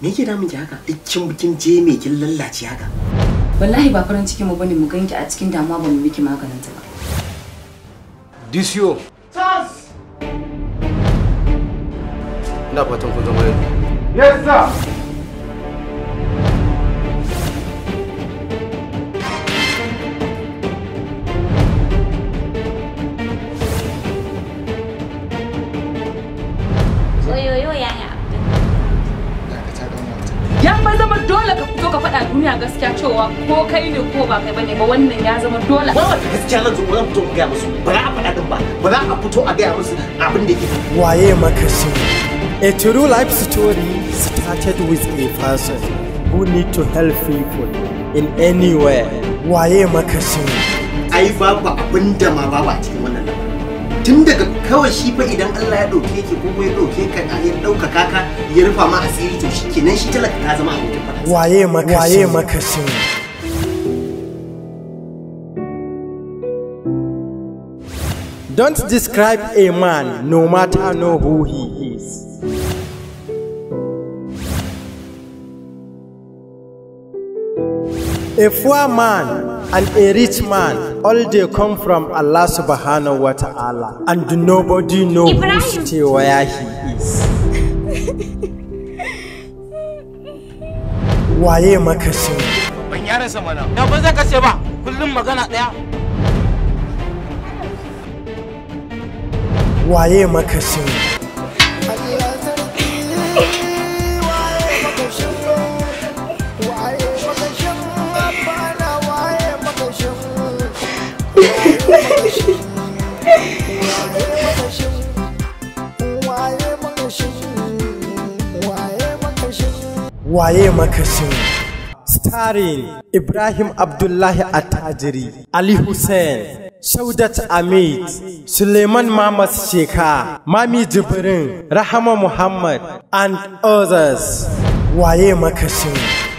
me yake damun ki haka dukkin bikin je me kin lallace haka wallahi ba farin ciki mu bane mu ganki a cikin damuwa ba mu miki maganin ta ba disyo tas ina fatan kun zama yau yes sir dole ka fito ka faɗa duniya gaskiya cewa ko kai ne ko ba kai bane ba wannan ya zama dole wata gaskiya na zo wannan fito ga musu ba za a faɗa din ba ba za a fito a ga musu abin da yake waye maka shi a true life story started with a person who need to help people in anywhere waye maka shi ai babu abin da ma babu a cikin tun daga kawai shi fa idan Allah ya ɗauke ki ko ya ɗauke ka yin ɗaukaka ka ya rufa ma asiri to shi kenan shi talaka ta zama abokin fara. Waye maka Waye maka shi. Don't describe a man no matter know who he is. A poor man and a rich man, all they come from Allah subhanahu wa ta'ala. And nobody knows where he is. waye makashin ban yaransa mana da ba zai ba kullum magana daya waye waye makashin starin ibrahim abdullahi attajiri ali hussein shaudat amit suleiman mamas sheka mami jibrin rahama muhammad and others waye makashin